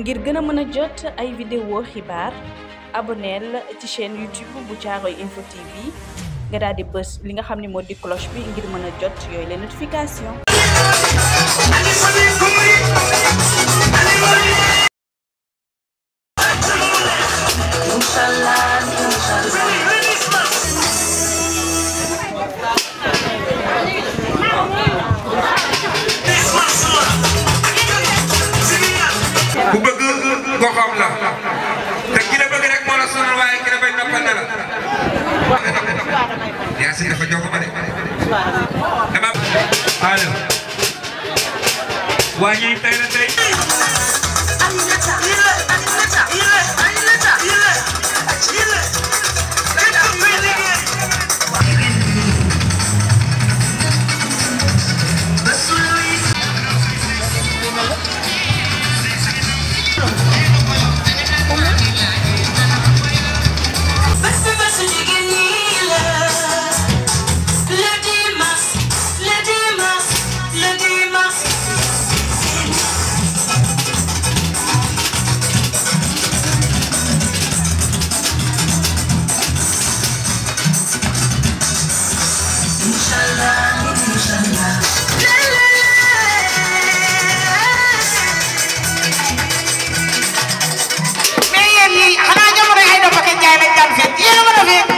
ngir gëna a mën a jot ay vidéo xibaar aboneel ci chaîne YouTube bu Caaroy info TV nga daal di bës li nga xam ni moo di cloche bi ngir mën a jot yooyu la notification Guanha Internet লাগে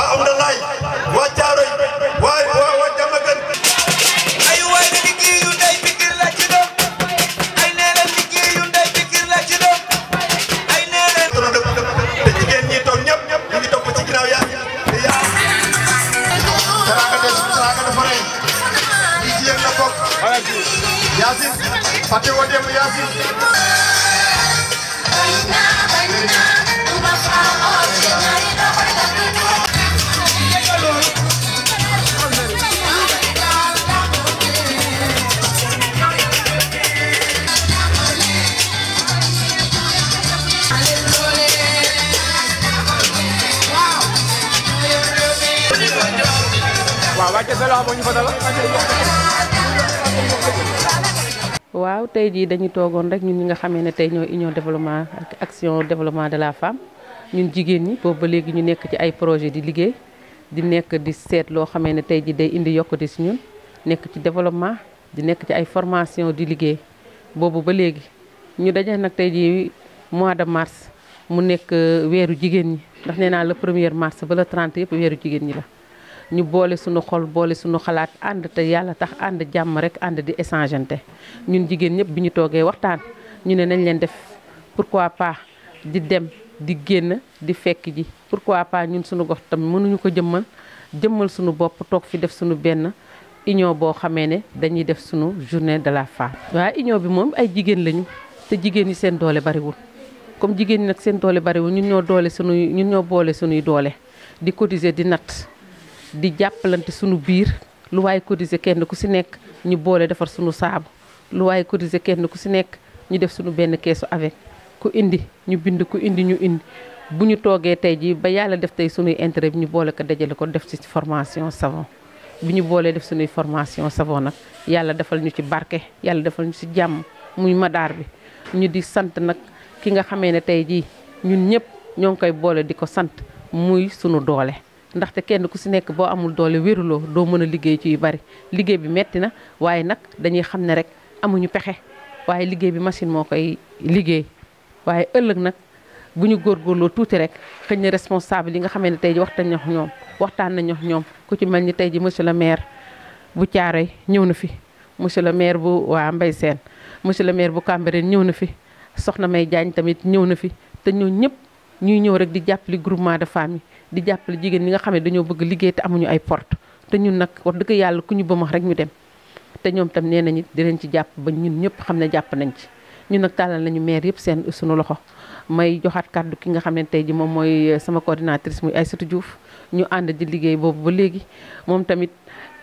waaw tay ji dañu togon rek ñun ñi nga xamé né tay ñoo union développement ak action développement de la femme ñun jigéen ñi bobu légui ñu nekk ci ay projet di liggéey di nekk di sét lo xamé né tay ji day indi yokkute ci ñun nekk ci développement di nekk ci ay formation di liggéey bobu ba légui ñu dajé nak tay ji mois de mars mu nekk euh, wéru jigéen ñi ndax néna le 1er mars ba le 30 yépp wéru jigéen ñi la ñu boole suñu xol boole suñu xalaat ànd te yàlla tax ànd jàmm rek ànd di échangeante ñun jigéen ñëpp bi ñu toogee waxtaan ñu ne nañ leen def pour quoi pas di dem di génn di fekk ji pour quoi pas ñun suñu gox tam mënuñu ko jëmmal jëmmal suñu bopp toog fi def suñu benn union boo xamee ne dañuy def suñu journée de la femme. waaye union bi moom ay jigéen lañu te jigéen ñi seen doole bariwul comme jigéen ñi nag seen doole bariwul ñun ñoo doole suñuy ñun ñoo boole suñuy doole di cotiser di natt. di jàppalante sunu biir lu waaye cotiser kenn ku si nekk ñu boole defar sunu saabu lu waay cotiser kenn ku si nekk ñu def sunu benn keesu avec ku indi ñu bind ku indi ñu indi bu ñu toogee tey jii ba yàlla def tey sunuy intérêt bi ñu boole ko dajale ko def ci formation savon bi ñu boolee def sunuy formation savon nag yàlla defal ñu ci barke yàlla defal ñu ci jàmm muy madaar bi ñu di sant nag ki nga xamee ne tey jii ñun ñëpp ñoo ngi koy boole di ko sant muy sunu doole ndaxte kenn ku si nekk boo amul doole wéruloo doo mën a liggéey ci yu bari liggéey bi metti na waaye nag dañuy xam ne rek amuñu pexe waaye liggéey bi machine moo koy liggéey waaye ëllëg nag bu ñu góor góorgóorloo tuuti rek xëñ na responsable yi nga xamee ne tey ji waxtaan nañu ñoom waxtaan nañu ñoom ku ci mel ni tey ji monsieur le maire bu Thiaroye ñëw na fi monsieur le maire bu waa mbay seen monsieur le bu Cambérène ñëw na fi soxna May Diagne tamit ñëw na fi te ñoo ñëpp ñuy ñëw rek di jàppale groupement de famille di jàppale jigéen ñi nga xam ne dañoo bëgg liggéey te amuñu ay porte te ñun nag wax dëgg yàlla ku ñu bëmax rek ñu dem te ñoom tam nee nañu dinañ ci jàpp ba ñun ñëpp xam ne jàpp nañ ci ñun nag tàllal nañu maire yëpp seen suñu loxo may joxaat kàddu ki nga xam ne tey ji moom mooy sama coordinatrice muy Aïssatou Diouf ñu ànd di liggéey boobu ba léegi moom tamit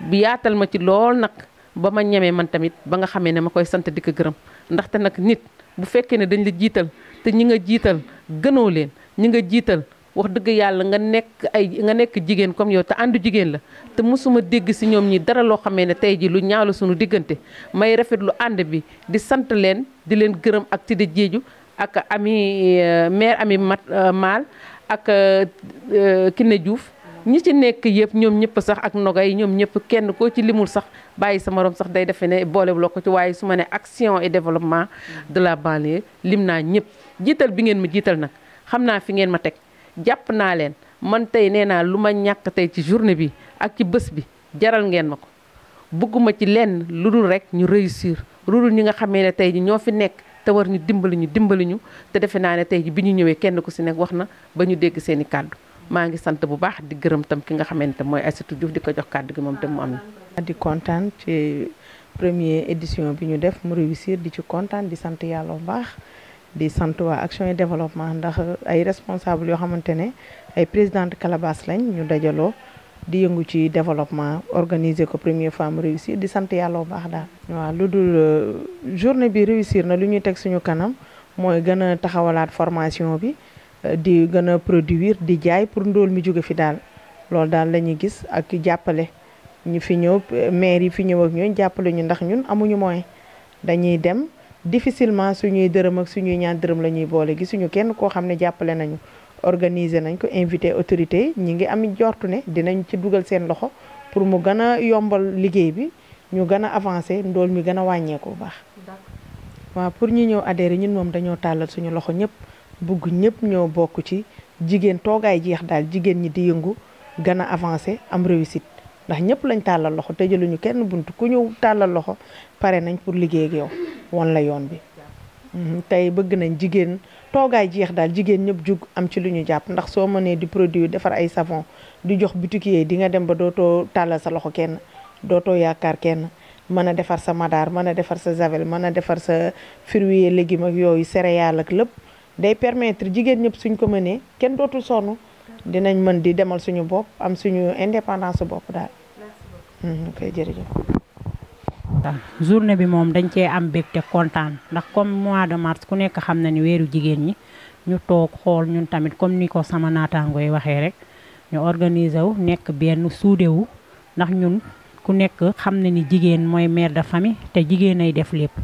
bi yaatal ma ci lool nag ba ma ñemee man tamit ba nga xamee ne ma koy sant di ko gërëm ndaxte nag nit bu fekkee ne dañ la jiital te ñi nga jiital gënoo leen ñi nga jiital wax deug yalla nga nekk ay nga nekk jigen comme yow te andu jigen la te musuma deg ci ñom ñi dara lo xamé ne tay ji lu ñaaw suñu digënté may lu and bi di sante len di len gëreum ak Tida jeju ak ami euh, mère ami mat euh, maal ak euh, Kiné Diouf ñi ci nekk yépp ñom ñëpp sax ak nogay ñom ñëpp kenn ko ci limul sax bayyi sama rom sax day né bolé boolewuloo ko ci waye suma né action et développement de la banlieue limna ñëpp jital bi ngeen ma jital nak xamna fi ngeen ma tek jàpp naa leen man tey nee naa lu ma ñàkk tey ci journée bi ak ci bës bi jaral ngeen ma ko bëgguma ci lenn lu dul rek ñu réussir lu dul ñi nga xamee ne tey ñoo fi nekk te war ñu dimbali ñu dimbali ñu te defe naa ne tey ji bi ñu ñëwee kenn ku si nekk wax na ba ñu dégg seen i kàddu maa ngi sant bu baax di gërëm tam ki nga xamante mooy Aïssatou Diouf di ko jox kàddu gi moom tam mu am na. di kontaan ci premier édition bi ñu def mu réussir di ci kontaan di sant yàlla bu baax. di sant waa action yi développement ndax ay responsable yoo xamante ne ay présidente calebasse lañ ñu dajaloo di yëngu ci développement organiser ko première fois mu réussir di sant yàlla bu baax daal. waa lu dul euh, journée bi réussir na lu ñuy teg suñu kanam mooy gën a taxawalaat formation bi euh, di gën a produire di jaay pour ndóol mi jóge fi daal loolu daal la ñuy gis ak jàppale ñu fi ñëw euh, maire yi fi ñëw ak ñooñu jàppale ñu ndax ñun amuñu moyen dañuy dem. difficilement suñuy dërëm ak suñuy ñaan dërëm la ñuy boole gisuñu kenn koo xam ne jàppale nañu organiser nañ ko invité autorité ñi ngi am jortu ne dinañ ci dugal seen loxo pour mu gën a yombal liggéey bi ñu gën a avancé ndool mi gën a wàññeeku bu baax waaw pour ñu ñëw adhéré ñun moom dañoo tàllal suñu loxo ñëpp bugg ñëpp ñoo bokk ci jigéen toogaay jeex daal jigéen ñi di yëngu gën a avancé am réussite ndax ñëpp lañ tàllal loxo tëjaluñu kenn bunt ku ñu tàllal loxo pare nañ pour liggéey ak yow won la yoon bi mhm, tey bëgg nañ jigéen toogaay jeex daal jigéen ñëpp jug am ci lu ñu jàpp ndax soo mënee di produit defar ay savon di jox boutique di nga dem ba dootoo tàllal sa loxo kenn dootoo yaakaar kenn mën a defar sa madaar mën a defar sa javel mën a defar sa fruits légumes ak yooyu céréales ak lépp day permettre jigéen ñëpp suñ ko mënee kenn dootul sonn dinañ mën di demal suñu bopp am suñu indépendance bopp daal. Mhm, ok kontaan journée bi moom dañ cee am bégte kontaan ndax kom mois de mars ku nekk xam na ni weeru jigéen ñi ñu toog xool ñun tamit comme ni ko sama naataango yi waxee rek ñu organiser wu nekk benn suudewu ndax ñun ku nekk xam ne ni jigéen mooy mère de famille te jigéen ay def lépp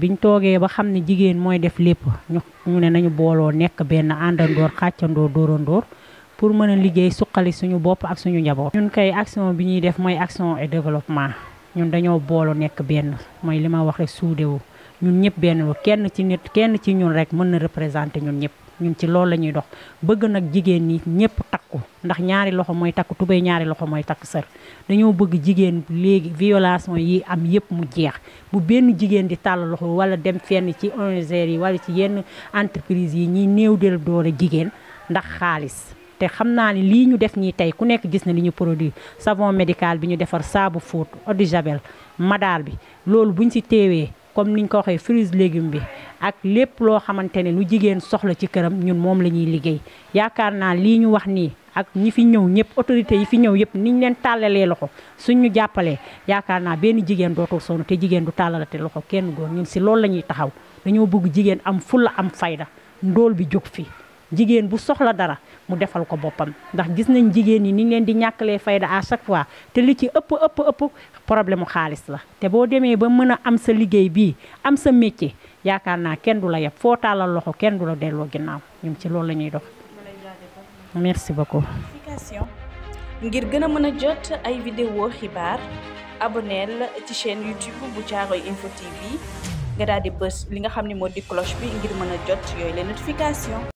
biñ toogee ba xam ne jigéen mooy def lépp ñu ñu ne nañu booloo nekk benn àndandoor xàccandoor dóorandoor pour mën a liggéey suqali suñu bopp ak suñu njaboot. ñun kay action bi ñuy def mooy action et développement ñun dañoo booloo nekk benn mooy li ma wax rek suudewu ñun ñëpp benn la kenn ci nit kenn ci ñun rek mën na représenter ñun ñëpp ñun ci loolu la ñuy dox bëgg nag jigéen ñi ñëpp takku ndax ñaari loxo mooy takk tubéy ñaari loxo mooy takk sër dañoo bëgg jigéen léegi violation yi am yëpp mu jeex bu benn jigéen di tàll loxo wala dem fenn ci ONG yi wala ci yenn entreprise yi ñiy néew del doole jigéen ndax xaalis te xam naa ne lii ñu def ñii tey ku nekk gis na li ñu produit savon médical bi ñu defar saabu fóot eau de madaal bi loolu buñ si teewee comme niñ ko waxee fruits léegim bi ak lépp loo xamante ne lu jigéen soxla ci këram ñun moom la ñuy liggéey yaakaar naa lii ñu wax nii ak ñi fi ñëw ñëpp autorité yi fi ñëw yëpp niñ leen tàllalee loxo suñ ñu jàppalee yaakaar naa benn jigéen dootul sonn te jigéen du tàllalate loxo kenn góor ñun si loolu la ñuy taxaw dañoo bëgg jigéen am fulla am fayda ndóol bi jóg fii jigéen bu soxla dara mu defal ko boppam ndax gis nañ jigéen yi ni ñu leen di ñàkkalee fayda à chaque fois te li ci ëpp ëpp ëpp problème xaalis la te boo demee ba mën a am sa liggéey bii am sa métier yaakaar naa kenn du la yeb foo tàllal loxo kenn du la delloo ginnaaw ñun ci loolu la ñuy dox merci beaucoup ngir gën a mën a jot ay vidéo xibaar aboneel ci chaîne YouTube bu Caaroy info TV nga daal di bës li nga xam ne moo di cloche bi ngir mën a jot yooyu les notification